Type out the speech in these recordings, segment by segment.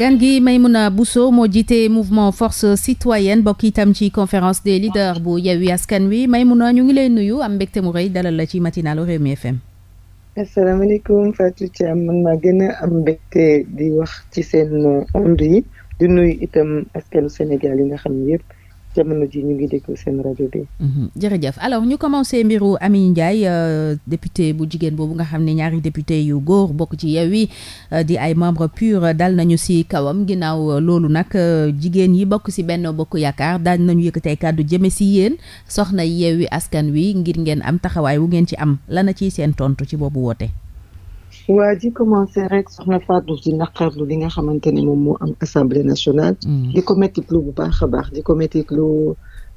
gan gi Maimouna Bousso moo jiite mouvement force citoyenne bokk itam ci conférence des leaders bu Yewwi Askan Wi Maimouna ñu ngi lay nuyu am mbégte mu rëy dalal la ci matinalu Rewmi FM asalaamaaleykum Fatou Thiam man maa gën a am mbégte di wax ci seen onde yi di nuyu itam askanu senegal yi nga xam ne jamono ji ñu ngi déglu seen rajo bi. Mhm. jërëjëf alors mbiru Amy Ndiaye euh, député bu jigéen boobu nga xam ni ñaari député yu góor bokk ci Yewwi euh, di ay membre pur euh, dal nañu si kawam ginnaaw loolu nag jigéen yi bokk si Benno Bokk Yaakaar dal nañu yëkkatee kàddu jëme si yéen soxna Yewwi askan wi ngir ngeen am taxawaay wu ngeen ci am lana ciy seen tontu ci boobu woote. waa ji commencé rek soxna Fatou di naqarlu li nga xamante ni moom moo am assemblée nationale. Mm. di ko mettit lu bu baax a baax di ko mettit lu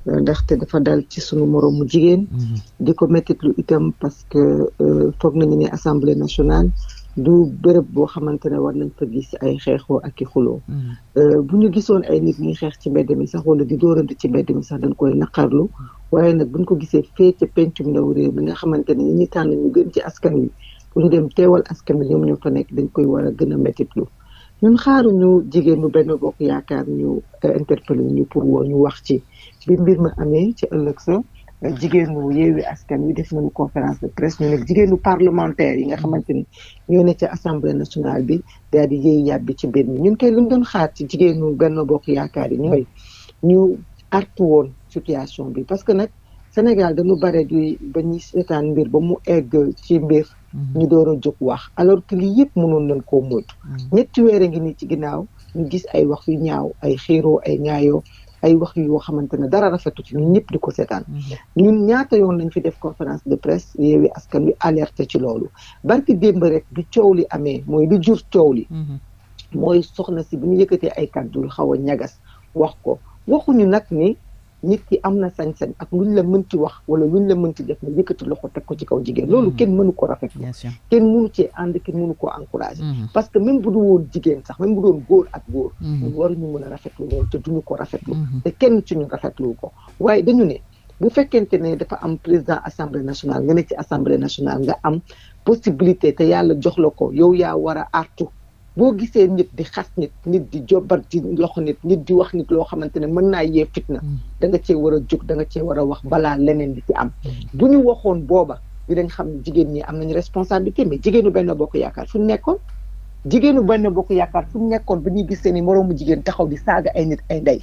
euh, ndaxte dafa dal ci sunu moroomu jigéen. Mm-hmm. di ko mettit lu itam parce que euh, foog nañu ne assemblée nationale du béréb boo xamante ne war nañ fa gis ay xeexoo ak i xuloo. Mm-hmm. Euh, gisoon ay nit ñuy xeex ci mbedd mi sax wala di dóorante ci mbedd mi sax dañ koy naqarlu mm. waaye nag buñ ko gisee fee ca pencum ndaw réew mi nga xamante ne ñi ñu tànn ñu gën ci askan wi. bu ñu dem teewal askan bi ñoom ñoo fa nekk dañ koy war a gën a méttitlu ñun xaaruñu jigéenu ñu benn bokk yaakaar ñu euh, interpellé ñu pour woo ñu wax ci bi mbir ma amee ci ëllëg sa euh, jigéen ñu yeewi askan wi def nañu conférence de presse ñu nekk jigéenu parlementaire yi nga xamante ni ñoo ne ci assemblée nationale bi daal di yéey yàbbi ci biir mi ñun kay lu ñu doon xaar ci jigéenu benn bokk yaakaar yi ñooy ñu artu woon situation bi parce que nag Sénégal dañu bare di ba ñuy seetaan mbir ba mu egg ci mbir ñu door a jóg wax alors que lii yëpp mënoon nañ koo moytu. Mm-hmm. ñetti weer a ngi nii ci ginnaaw ñu gis ay wax yu ñaaw ay xiiroo ay ñaayoo ay wax yoo xamante ne dara rafetu ci ñun ñëpp di ko seetaan. Mm-hmm. ñu ñaata yoon lañ fi def conférence de presse yeewi askan wi alerté ci loolu barki démb rek di coow li amee mooy lu jur coow li. Mm-hmm. mooy soxna si bi ñu yëkkatee ay kàddu yu xaw a ñagas wax ko waxuñu nag ni. nit ki am na sañ-sañ ak luñ la mënti wax wala luñ la mënti def nga yëkkati loxo teg ko ci kaw jigéen loolu kenn mënu ko rafet kenn mënu cee ànd kenn mënu koo encouragé mm-hmm. parce que même bu du woon jigéen sax même bu doon góor ak góor mm-hmm. ñun waruñu mën a rafetlu loolu te duñu rafet rafetlu mm-hmm. te kenn ci ñu rafetlu ko waaye dañu ne bu fekkente ne dafa am président assemblée nationale nga ne ci assemblée nga am possibilité te yàlla jox la ko yow yaa war a artu boo gisee nit di xas nit nit di jobar ci loxo nit nit di wax nit loo xamante ne mën naa yee fitna mm. da nga cee war a jóg danga nga cee war a wax balaa leneen di ci am mm. bu ñu waxoon booba dinañ xam jigéen ñi am nañu responsabilité mais jigéenu benn bokk yaakaar fu nekkoon jigéenu benn bokk yaakaar fu nekkoon ba ñuy gis seen i moroomu jigéen taxaw di saaga ay nit ay ndey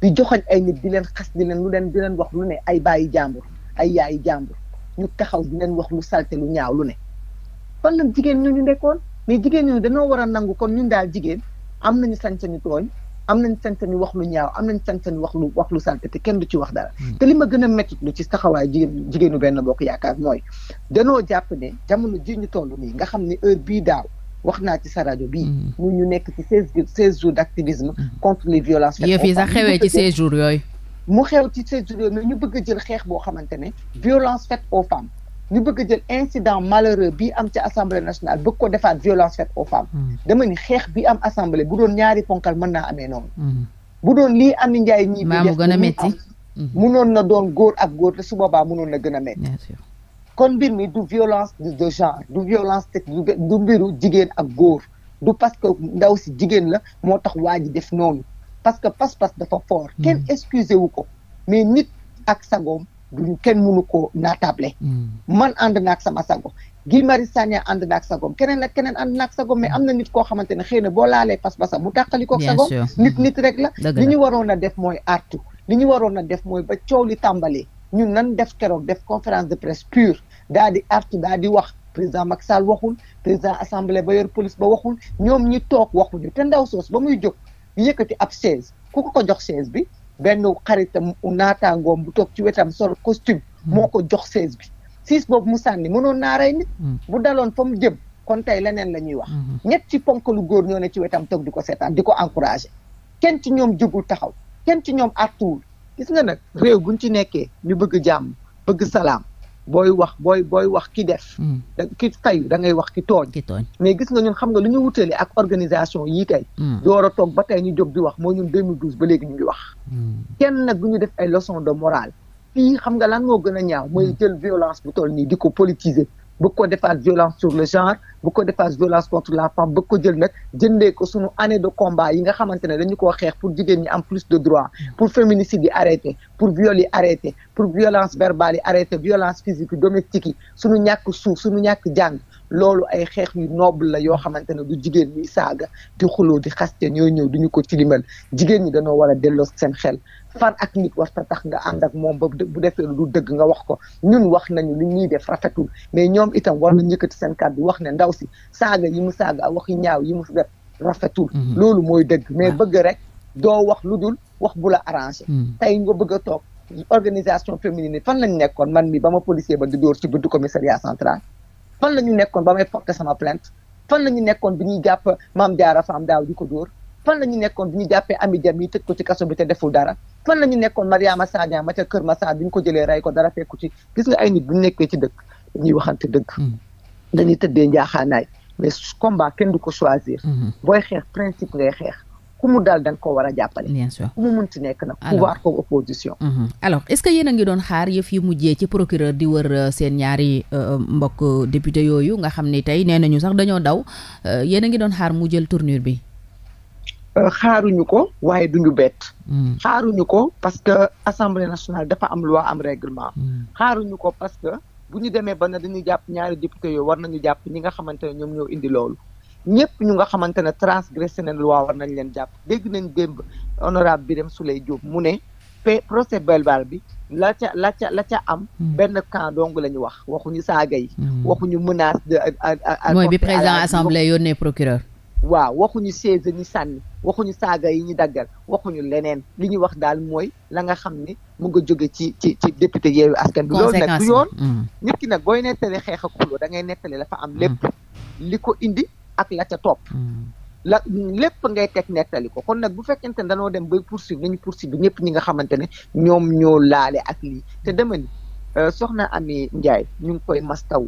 di joxoñ ay nit di leen xas di leen lu leen di wax lu ne ay baayi jàmbur ay yaayi jàmbur ñu taxaw di leen wax lu salte lu ñaaw lu ne fan la jigéen ñooñu nekkoon mais jigéen ñooñu dañoo war a nangu kon ñun daal jigéen am nañu sañ-sañu tooñ am nañ sañ-sañu wax lu ñaaw am nañ sañ-sañu wax lu wax lu salte te kenn du ci wax dara. Hmm. te li ma gën a métti lu ci taxawaay jigéen jigéenu benn bokk yaakaar mooy danoo jàpp ne jamono ji ñu toll nii nga xam ni heure bii daaw. wax naa ci sa rajo bii. Hmm. mu ñu nekk ci seize seize jours d' activisme. Hmm. contre les violences sax xewee ci seize jours yooyu. mu xew ci seize jours ñu bëgg a jël xeex boo xamante ne. violence faite aux femmes ñu bëgg jël incident malheureux bi am ci assemblée nationale bëgg ko defaat violence faite aux femmes. Hmm. dama ni xeex bi am assemblée bu doon ñaari ponkal mën naa amee noonu. Hmm. bu doon lii am ni njaay ñii. maa mu gën a métti hmm. munoon na doon góor ak góor te su boobaa munoon na gën a métti. kon mbir mi du violence de genre du violence technique du mbiru jigéen ak góor du parce que ndaw si jigéen la moo tax waa ji def noonu parce que pas-pas dafa foor kenn excusé wu ko mais nit ak sagoom. duñ kenn mënu koo naatable. Hmm. man ànd naag sama sago. Guy Marius Sagna ànd naag sago keneen ak keneen ànd naag sagoom mais am na nit koo xamante ne xëy na boo laalee pas-pasam mu tàqali koog sagoom nit nit rek la. li ñu waroon a def mooy artu li ñu waroon a def mooy ba coow li tàmbalee ñun nan def keroog def conférence de presse pure daa di artu daa di wax. président Macky Sall waxul président assemblée ba yor police ba waxul ñoom ñi toog waxuñu te ndaw soos ba muy jóg yëkkati ab chaise ku ko ko jox bi benn xaritam naataangoom bu toog ci wetam sol costume hmm. moo ko jox seize bi siis boobu mu sànni mënoon naa rey nit hmm. bu daloon fa mu jëm kon tey leneen la ñuy wax hmm. ñetti ci ponk lu góor ñoo ne ci wetam toog di ko seetaan di ko encouragé kenn ci ñoom jógul taxaw kenn ci ñoom artuwul gis nga nag réew buñ ci nekkee ñu bëgg jàmm bëgg salaam booy wax booy booy wax ki def. Mm. ki tayu da ngay wax ki tooñ. mais gis nga ñun xam nga lu ñu wutale ak organisation yii tey. Mm. door a toog ba tey ñu jóg di wax moo ñun 2012 ba léegi ñu ngi wax. Mm. kenn nag du ñu def ay leçon de morale. fii xam nga lan moo gën a ñaaw mooy jël violence bu toll nii di ko politiser bu ko defaat violence sur le genre bu ko defaat violence contre la femme ba ko jël nag jëndee ko sunu année de combat yi nga xamante ne dañu ko xeex pour jigéen ñi am plus de droit pour féminicide yi arrêté pour viol yi arrêté pour violence verbale yi arrêté violence physique yi domestique yi sunu ñàkk suuf sunu ñàkk jàng loolu ay xeex yu noble la yoo xamante ne du jigéen ñi saaga di xuloo di xaste ñooy ñëw duñu ko tilimal jigéen ñi dañoo war a delloo seen xel fan ak nit war ta tax nga ànd ak moom ba bu defee lu dëgg nga wax ko ñun wax nañu li ñuy def rafetul mais ñoom itam war na yëkkati seen kàddu wax ne ndaw si saaga yi mu saaga waxi ñaaw yi mu def rafetul. Mhm. loolu mooy dëgg mais ah. bëgg rek doo wax lu dul wax bu la arrangé. Hmm. tey nga bëgg a toog organisation féminine fan lañu nekkoon man mi ba ma policier ba di dóor ci buntu commissariat central fan la ñu nekkoon ba may porter sama plainte fan la ñu nekkoon bi ñuy jàpp maam jaara faam daaw di ko dóor fan la ñu nekkoon bi ñu jàppee ami jam yi tëj ko ci kaso bi te deful dara fan la ñu nekkoon Mariama Sagna ma ca Kër Massar bi ñu ko jëlee rey ko dara fekku ci gis nga ay nit bu nekkee ci dëkk dañuy waxante dëgg. Mm. dañuy tëddee njaaxaanaay mais combat kenn du ko choisir. Mm-hmm. booy xeex principe ngay xeex. ku mu daal dañ ko war a jàppale. bien sûr ku mu munti nekk nag. pouvoir comme opposition. Mm-hmm. alors est-ce que yéen a ngi doon xaar yëf yi mujjee ci procureur di wër euh, seen ñaari euh, euh, mbokk député yooyu nga xam ni tey nee nañu sax dañoo daw yéen a ngi doon xaar mu jël tournure bi. Euh, xaaruñu ko waaye duñu bett. Hmm. xaaruñu ko parce que assemblée nationale dafa am loi am règlement. Hmm. xaaruñu ko parce que bu ñu demee ba ne dañuy jàpp ñaari député yooyu war nañu jàpp ñi nga xamante ne ñoom ñoo indi loolu. ñëpp ñu nga xamante ne transgressé nañ loi war nañ leen jàpp dégg nañ démb honorable su Souleye Diop mu ne pe procès bi la ca la ca la ca am. Hmm. benn camp dong la ñu wax waxuñu saaga yi. waxuñu menace de. mooy bi président assemblée ne procureur. waaw waxuñu chaise ñi sànni waxuñu saaga yi ñu daggal waxuñu leneen li ñu wax daal mooy la nga xam ne mu nga jóge ci ci ci député yeewu askan bi loolu nag du yoon mm. nit ki nag xeex ak da ngay nettali dafa am mm. lépp li ko indi ak la ca topp mm. la lépp ngay teg nettali ko kon nag bu fekkente ne danoo dem bay poursuivre nañu poursuivre ñëpp ñi nga xamante ne ñoom ñoo laale ak lii te dama ni euh, soxna Ami Ndiaye ñu ngi koy mastaw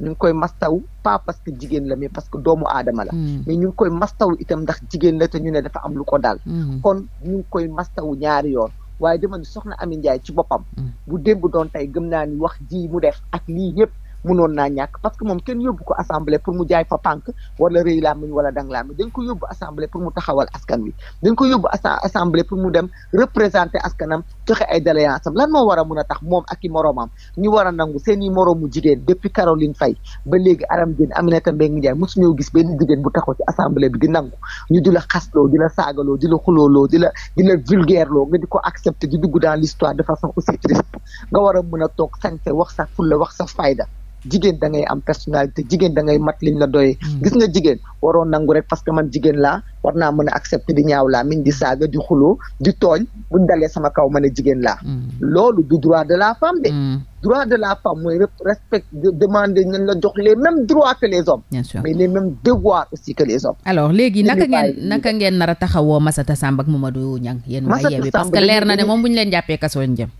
ñu ngi koy mastaw pas parce que jigéen la mais parce que doomu aadama la. Hmm. mais ñu ngi koy mastaw itam ndax jigéen la te ñu ne dafa am lu ko daal. Hmm. kon ñu ngi koy mastaw ñaari yoon. waaye dama ni soxna Amy Ndiaye ci boppam. Hmm. bu démb doon tey gëm naa ni wax ji mu def ak lii yëpp. mënoon na ñàkk parce que moom kenn yóbbu ko assemblée pour mu jaay fa pànk wala rëy làmmiñ wala dang làmmiñ dañ ko yóbbu assemblée pour mu taxawal askan wi dañ ko yóbbu assemblée pour mu dem représenter askanam joxe ay doléances am lan moo war a mën a tax moom ak i moroomam ñu war a nangu seen i moroomu jigéen depuis Caroline Faye ba léegi Aram Diène Aminata Mbengue Ndiaye mosu suñoo gis benn jigéen bu taxaw ci assemblée bi di nangu ñu di la xasloo di la saagaloo di la xulooloo di la di la vulgaire loo di ko accepter di dugg dans l'histoire de façon aussi war a mën a toog sañse wax sa fulla wax sa fayda jigéen da ngay am personnalité jigéen da ngay mat liñ la doyee mm. gis nga jigéen waroo nangu rek parce que man jigéen laa war naa mën a accepter di ñaaw laa miñ di mm. saaga di xuloo di tooñ buñ dalee sama kaw mën a jigéen laa mm. loolu du droit de la femme de droit de la femme mooy respect de demander nañ la jox les mêmes droits que les hommes bien sûr mais les mêmes devoirs aussi que les léegi naka ngeen naka ngeen nar a taxawoo Massata Samb ak Mamadou Niang yéen waa Yewwi parce que leer na ne moom bu ñu leen jàppee kaso lañ jëm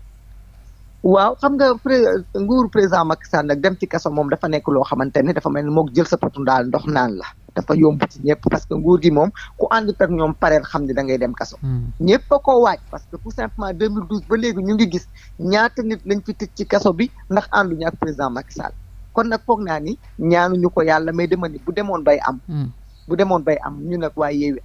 waaw xam nga pré nguuru président Macky Sall nag dem ci kaso moom dafa nekk loo xamante ne dafa mel ni moog jël sa potu ndaal ndox naan la dafa yomb ci ñëpp parce que nguur gi moom ku ànd ak ñoom pareel xam ne da ngay dem kaso. Hmm. ñëpp a ko waaj parce que tout simplement 2012 ba léegi ñu ngi gis ñaata nit lañ fi tëj ci kaso bi ndax ànduñu ak président Macky Sall kon nag foog naa ni ñaanuñu ko yàlla mais dama ni bu demoon bay am. Hmm. bu demoon bay am ñun nag waaye yeewi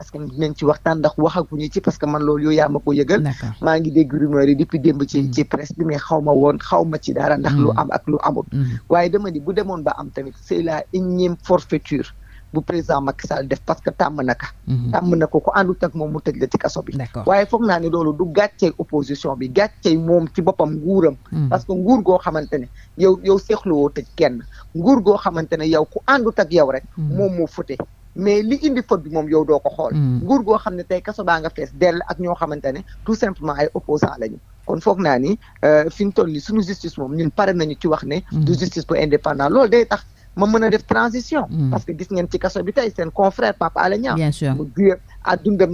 ci waxtaan ndax waxaguñu ci parce que man loolu yow yaama ma ko yëgal maa ngi dégg rumeur yi depuis démb ci mm. ci presse bi xaw ma woon xaw ma ci daara ndax lu mm. am ak lu amul mm. waaye dama ni bu demoon ba am tamit c'est la énième forfaiture bu président Macky Sall def parce que tàmm na ka mm-hmm. tàmm na ko ku àndut ak moom mu tëj la ci kaso bi waaye foog naa ne loolu du gàccey opposition bi gàccey moom ci boppam nguuram parce que nguur goo xamante ne yow yow seexluwoo tëj kenn nguur goo xamante ne yow ku àndut ak yow rek moom moo fute mais li indi faute bi moom yow doo ko xool. Mm. nguur goo xam ne tey kaso baa nga fees dell ak ñoo xamante ne tout simplement ay opposants lañu. kon foog naa ni euh, fi ñu toll nii suñu justice moom ñun pare nañu ci wax ne. Mm. du justice bu indépendant loolu day tax ma mën a def transition. Mm. parce que gis ngeen ci kaso bi tey seen confrère Papa Alé Niang. bien sûr mu juyee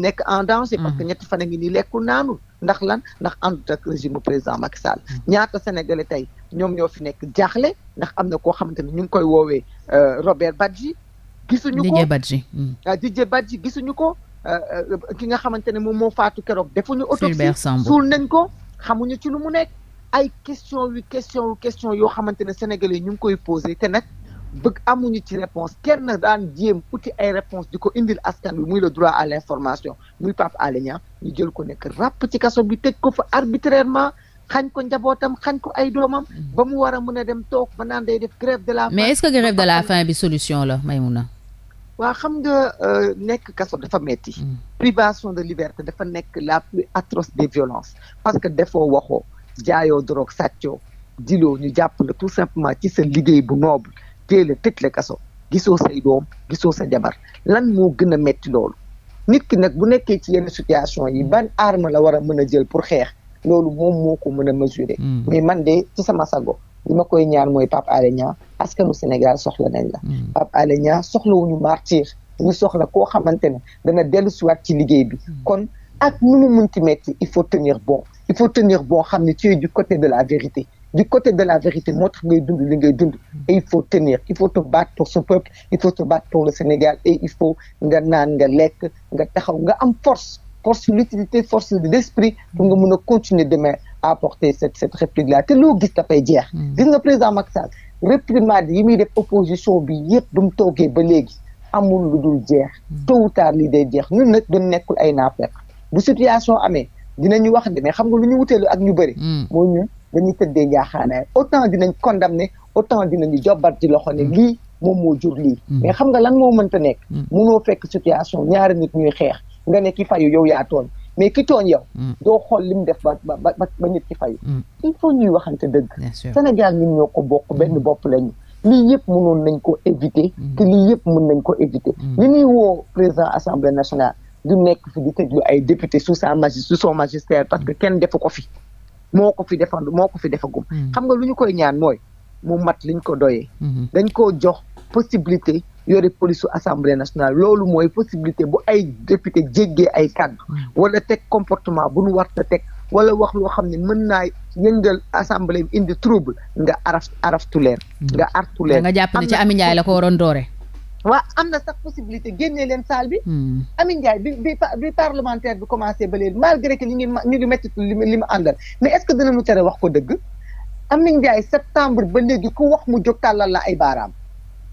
nekk en danger. parce que ñetti fan a ngi nii lekkul naanul. ndax lan ndax àndut ak régime président Macky Sall. ñaata sénégalais tey ñoom ñoo fi nekk jaaxle ndax am na koo xamante ni ñu ngi koy woowee euh, Robert Badji. gisuñu ko Didier Badji. Hmm. Ah, Didier Badji gisuñu ko euh, euh, ki nga xamante ne moom moo faatu keroog defuñu autopsie suul nañ ko xamuñu ci lu mu nekk ay question wi question yu question yoo xamante ne sénégalais ñu ngi koy posé te nag bëgg amuñu ci réponse kenn daan jéem uti ay réponse di ko indil askan wi muy le droit à l'information muy Pape Alé ñu jël ko nekk ràpp ci kaso bi tëj ko fa arbitrairement xañ ko njabootam xañ ko ay doomam hmm. ba mu war a mën a dem toog ba naan day def grève de la mais de la faim bi solution la Maïmouna waa xam nga euh, nekk kaso dafa metti mm. privation de liberté dafa nekk la plus atroce des violences parce que defoo waxoo jaayoo drogue sàccoo diloo ñu jàpp la tout simplement ci sa liggéey bu noble teel a la kaso gisoo say doom gisoo sa jabar lan moo gën a metti loolu nit ki nag bu nekkee ci yenn situation yi ban arme la war a mën a jël pour xeex loolu moom moo ko mën a mesurer mm. mais man de ci sama sago li ma koy ñaan mooy Pape Alé askanu Sénégal soxla nañ la. Hmm. Pape Alé Niang soxlawuñu martyr ñu soxla koo xamante ne dana dellusiwaat ci liggéey bi. Hmm. kon ak nu mu munti metti il faut tenir bon il faut tenir bon xam ne tu es du côté de la vérité. du côté de la vérité moo tax ngay dund li ngay dund et il faut tenir il faut te battre pour ce peuple il faut te battre pour le Sénégal et il faut nga naan nga lekk nga taxaw nga am force force l'utilité force de l'esprit pour nga mën a continuer demain à apporter cette cette loo gis dafay jeex hmm. gis nga président Macky Sall réprimande yi muy def opposition bi yëpp bu mu toogee ba léegi amul lu dul jeex mm. tôt ou tard lii day jeex ñun nag duñ nekkul ay naafeq bu situation amee dina ñu wax de mais xam nga lu ñu wuteelu ak ñu bëri mm. moo ñun dañuy tëddee njaaxaanaay autant dinañ condamné autant dinañu jobbat ci loxo ne mm. lii moom moo jur lii mais xam nga lan moo mënta nekk mënoo fekk situation ñaari nit ñuy xeex nga ne ki fayu yow yaa tooñ mais ki tooñ yow. Mm. doo xool lim def ba ba ba nit ki fay. Mm. il faut ñuy waxante dëgg. Sénégal ñun ñoo ko bokk mm. benn bopp lañu. lii yëpp mënoon nañ ko éviter. te lii yëpp mën nañ ko éviter. li ñuy woo président assemblée nationale du nekk fu fi di tëjlu ay député sous sa magi sous son magistère parce que kenn defu ko fi. moo ko fi defand moo ko fi defagum. xam nga lu ñu koy ñaan mooy. mu mat liñ ko doyee. Mhm. dañ koo jox possibilité yore police su assemblée nationale loolu mooy possibilité bu ay député jéggee ay kàddu. Mhm. wala teg comportement bu nu war teg wala wax loo xam ne mën naa yëngal assemblée bi indi trouble nga araf araftu leen. Mhm. nga artu leen nga jàpp ne ci Amy Ndiaye la ko waroon doore. waa am na sax possibilité génnee leen salle bi. Amy Ndiaye bi bi bi parlementaire bi commencé ba léegi malgré que ñu ngi ma ñu ngi métti li ma àndal mais est-ce que dinañu wax ko dëgg. Amin Ndiaye septembre ba léegi ku wax mu jóg tàllal la ay baaraam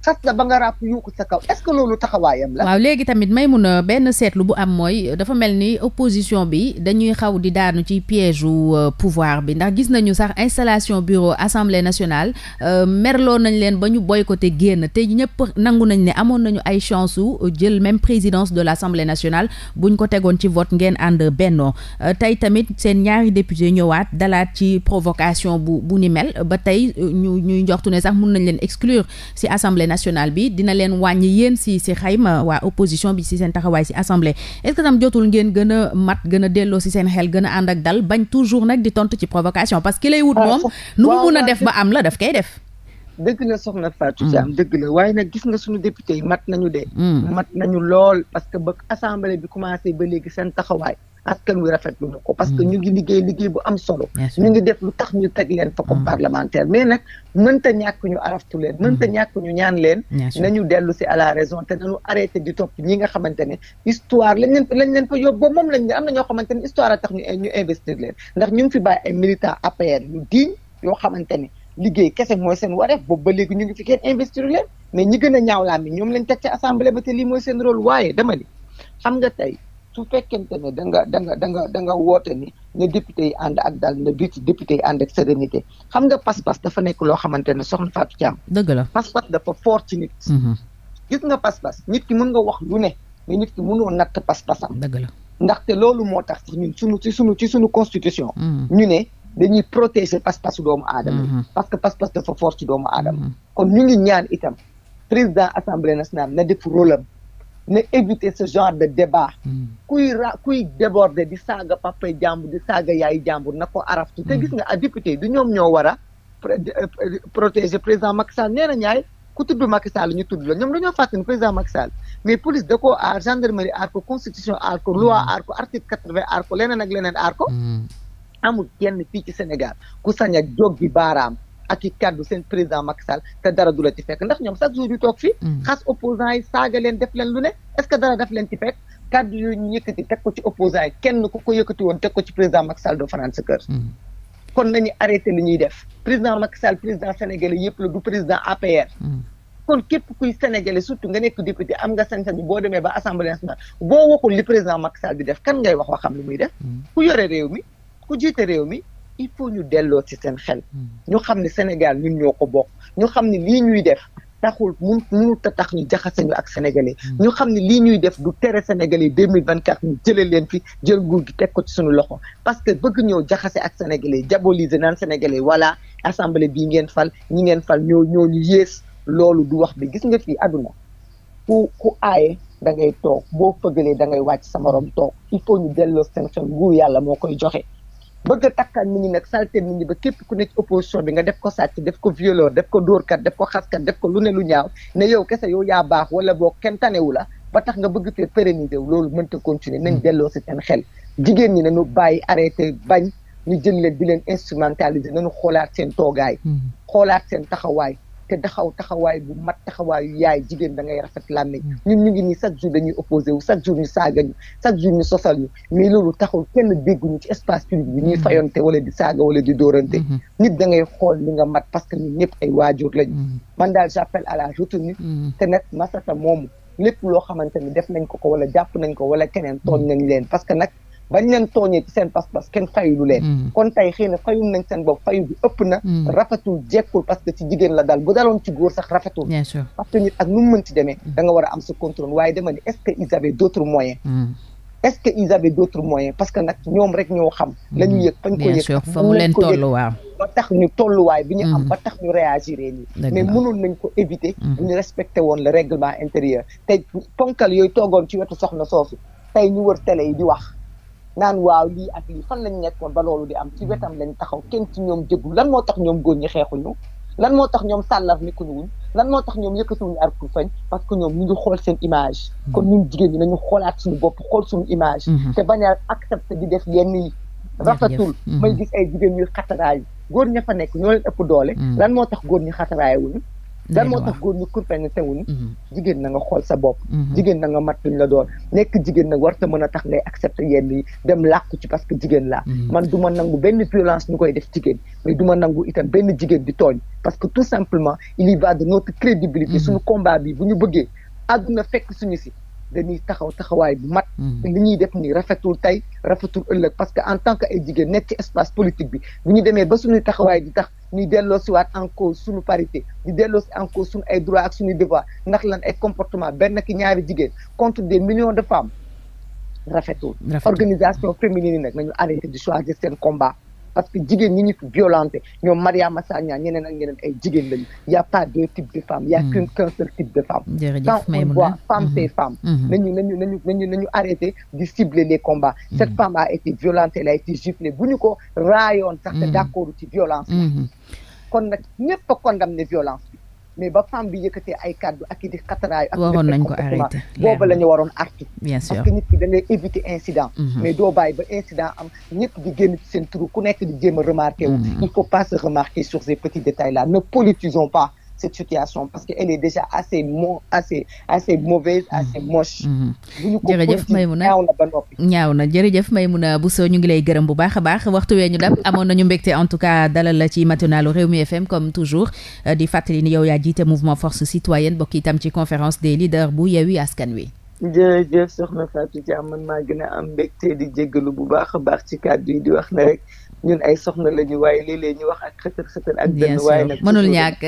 sas la ba nga ràpp yuuxu sa kaw est loolu taxawaayam la. waaw léegi tamit may mun a benn seetlu bu am mooy dafa mel ni opposition bi dañuy xaw di daanu ci piège u euh, pouvoir bi ndax gis nañu sax installation bureau assemblée nationale euh, merloo nañ leen ba ñu boycotté génn te ñëpp nangu nañ ne amoon nañu ay chance su euh, jël même présidence de l'assemblée nationale buñ ko tegoon ci vote ngeen ànd bennoo tey tamit seen ñaari député ñëwaat dalaat ci provocation bu bu ni mel ba tey ñu ñuy njortu ne sax mun nañ leen exclure si assemblée nationale bi dina leen wàññi yéen si si xayma waa opposition bi si seen taxawaay si assemblée est-ce jotul ngeen gën a mat gën delloo si seen xel gën a ànd ak dal bañ toujours nag di tontu ci provocation parce que ki lay wut ah, moom nu mu mun a def ba am la daf kay def dëgg la soxna Fatou Thiam mm. dëgg la waaye nag gis nga suñu député yi mat nañu de mm. mat nañu lool parce que ba assemblée bi commencé ba léegi seen taxawaay askan wi rafetlu ko parce que hmm. ñu ngi liggéey liggéey bu am solo ñu ngi def lu tax ñu teg leen fa comme hmm. parlementaire mais nag mënta ñàkk ñu araftu leen mënta hmm. ñàkk ñu ñaan leen nañu dellu si à la raison te nañu arrêté di topp ñi nga xamante ne histoire lañ leen lañ leen fa yóbbu moom lañ am na xamante ne histoire tax ñu ñu investir leen ndax ñu ngi fi bàyyi ay militant APR yu diiñ yoo xamante ne liggéey kese mooy seen wareef boobu ba léegi ñu ngi fi kenn investir leen mais ñi gën a ñaaw laa ñoom lañ teg ci assemblée ba te lii mooy seen rôle waaye dama xam nga tey su fekkente ne da nga da nga da nga da nga woote ni ne député yi ànd ak dal na biti député yi ànd ak sérénité xam nga pas-pas dafa nekk loo xamante ne soxna Fatou Thiam. dëgg la pas-pas dafa fort ci nit. Mm-hmm. gis nit ki mën nga wax lu ne mais nit ki mënoo natt pas-pasam. dëgg la ndaxte loolu moo tax sax ñun suñu ci suñu ci constitution. Mm-hmm. ñu ne dañuy protéger pas-pasu doomu aadama. Mm-hmm. parce que pas-pas dafa fort ci doomu aadama. kon ñu ngi ñaan itam président assemblée nationale na def rôle am ne éviter ce genre de débat. Hmm. kuy ra kuy déborder di saaga papay jàmbur di saaga yaay jàmbur na ko araftu. te hmm. gis nga a député du ñoom ñoo war a euh, protéger président Macky Sall nee na ñaay ku tudd Macky Sall ñu tudd la ñoom dañoo fàtte ne président Macky mais police da koo aar gendarmerie aar constitution aar loi hmm. aar ko article quatre-vingt aar ko leneen ak leneen amul kenn fii ci Sénégal ku sañ a jóg bi baaraam. ak i kaddu seen président Macky Sall te dara du la ci fekk ndax ñoom mm. ko ci opposant yi kenn ku mm. kon nañu arrêté li ñuy def président Macky Sall président sénégalais yëpp la du président APR mm. kon képp kuy sénégalais surtout nga nekk député am nga sañ-sañu boo demee ba assemblée nationale boo waxul li président Macky Sall def kan ngay wax waxam li muy def ku yore réew mi ku jiite réew mi il faut ñu delloo ci seen xel. Hmm. ñu xam ne Sénégal ñun ñoo ko bokk ñu xam ne lii ñuy def. taxul mun mënut a tax ñu jaxase ñu ak sénégalais hmm. ñu xam ne lii ñuy def du tere sénégalais deux mille vingt quatre ñu jëlee leen fi jël gu gi teg ko ci suñu loxo parce que bëgg ñëw jaxasee ak sénégalais diaboliser naan sénégalais voilà assemblée bii ngeen fal ñu ngeen fal ñoo ñoo ñu yées loolu du wax bi gis nga fii àdduna ku ku aaye da ngay toog boo fëgalee da ngay wàcc sa morom toog il faut ñu delloo seen xel yàlla moo koy joxe bëgg a takkaat nit ñi nag salte nit ñi ba képp ku nekk opposition bi nga def ko sàcc def ko violeur def ko dóorkat def ko xaskat def ko lu ne lu ñaaw ne yow kese yow yaa baax wala boo kenn tanewu la ba tax nga bëgg fee pérenniser wu loolu mënta continuer nañ hmm. delloo si seen xel jigéen ñi nañu bàyyi arrêté bañ ñu jël leen di leen instrumentaliser nañu xoolaat seen toogaay hmm. xoolaat seen taxawaay te taxaw taxawaay bu mat taxawaayu yaay jigéen da ngay rafet làmmiñ ñun ñu ngi nii chaque jour dañuy opposé wu chaque jour ñu saaga ñu chaque jour ñu sosal ñu mais loolu taxul kenn dégguñu ci espace public bi ñuy mm-hmm. fayonte wala di saaga wala di dóorante mm-hmm. nit da xool li mat parce que ñun ñëpp ay waajur lañu mm-hmm. man daal j'appelle à la retenue te nag masata moomu lépp loo xamante ni def nañ ko ko wala jàpp nañ ko wala keneen tooñ nañ leen parce que nag bañ leen tooñee ci seen pas-pas kenn fayulu leen mm. kon tey xëy na fayul nañ seen bopp fayu bi ëpp na mm. rafetul jekkul parce que ci jigéen la dal bu daloon ci góor sax rafetul bien parce que nit ak nu mu mën ci demee mm. da nga war a am sa contrôle waaye dama ne est-ce que ils avaient d'autres moyens ce que ils avaient d'autres parce que nag ñoom rek ñoo xam la ñu yëg fañ ko yëg fa mu leen toll ñu tolluwaay bi ñu am ba tax ñu réagir nii mais mënoon nañ ko éviter bu ñu respecté woon le règlement intérieur tey ponkal yooyu toogoon ci wetu soxna soosu tey ñu wër télé yi di wax naan waaw lii ak lii fan lañ nekkoon ba loolu di am ci mm. wetam lañ taxaw kenn ci ñoom jéggu lan moo tax ñoom góor ñi xeexuñu lan moo tax ñoom sàllar ni ku ñu wuñ lan moo tax ñoom yëkkatiwuñu ar pour fañ parce que ñoom ñu ngi xool seen image mm. kon ñun jigéen ñi nañu xoolaat suñu bopp xool suñu image mm-hmm. te bañ a accepté di def yenn yi rafetul mm-hmm. may gis ay jigéen ñuy xataraay góor ña fa nekk ñoo leen ëpp doole mm. lan moo tax góor ñi xataraay wuñu lan moo tax góor ñu kurpeñ tewuñ jigéen na nga xool sa bopp mhm. jigéen na nga mat luñ la doon nekk jigéen nag war ta mën a tax ngay accepter yenn yi dem làkku ci parce que jigéen laa mhm. man du ma nangu benn violence ñu koy def jigéen mais du ma nangu itam benn jigéen di tooñ parce que tout simplement il y va de notre crédibilité mhm. suñu combat bi bu ñu bëggee àdduna fekk suñu si dañuy taxaw taxawaay bu mat. Hmm. li ñuy def nii rafetul tey rafetul ëllëg parce que en tant que ay jigéen nekk ci espace politique bi bu ñu demee ba suñuy taxawaay di tax ñuy delloo si waat en cause suñu parité di delloo si en cause suñu ay droit ak suñuy devoir ndax lan ay comportement benn ki ñaari jigéen contre des millions de femmes rafetul. organisation féminine yi nag nañu arrêté di choisir seen combat. parce que jigéen ñi ñu fi violenté ñoom Mariama Sagna ñeneen ak ñeneen ay jigéen lañu y' a pas deux types de femmes y' a mm. qu'un seul type de femme. jërëjëf may mun na femme mm-hmm. c'est femme. Mm-hmm. nañu nañu nañu nañu nañu arrêté di cibler les combats. Mm-hmm. cette femme a été violentée elle a été giflée bu ñu ko raayoon sax te d' accord violence. kon nag ñëpp a violence mais ba femme bi yëkkatee ay kàddu ak i di xataraayu. ak waroon nañ ñu waroon artu. bien sûr parce que nit ki da ngay éviter incident. Mhm. mais doo bàyyi ba incident am ñëpp di génn ci seen turu ku nekk di jéem a remarqué wu. Mhm. il faut pas se remarquer sur ces petits détails là ne politisons pas. cette situation parce que elle est déjà assez mo assez assez mauvaise mm-hmm. assez moche. Mm-hmm. jërëjëf Maimouna ñaaw na ba noppi. ñaaw na jërëjëf Maimouna ñu ngi lay gërëm bu baax a baax waxtu wee ñu dab amoon nañu mbégte en tout cas dalal la ci matinalu Rewmi FM comme toujours euh, di fàttali ni yow yaa jiite mouvement force citoyenne bokk itam ci conférence des leaders bu Yewwi Askan Wi. jërëjëf soxna Fatou Dia man maa gën a am mbégte di jéggalu bu baax a baax ci kàddu yi di wax na rek. ñun ay soxna lañu waaye léeg-léeg ñu wax ak xëtër xëtër ak dënn waaye mënul ñàkk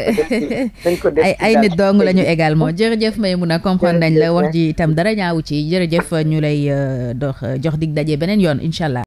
dañ ko def ay ay nit dong lañu également jërëjëf Maimouna comprendre nañ la wax ji itam dara ñaawu ci jërëjëf ñu lay euh, dox euh, jox dig daje beneen yoon incha allah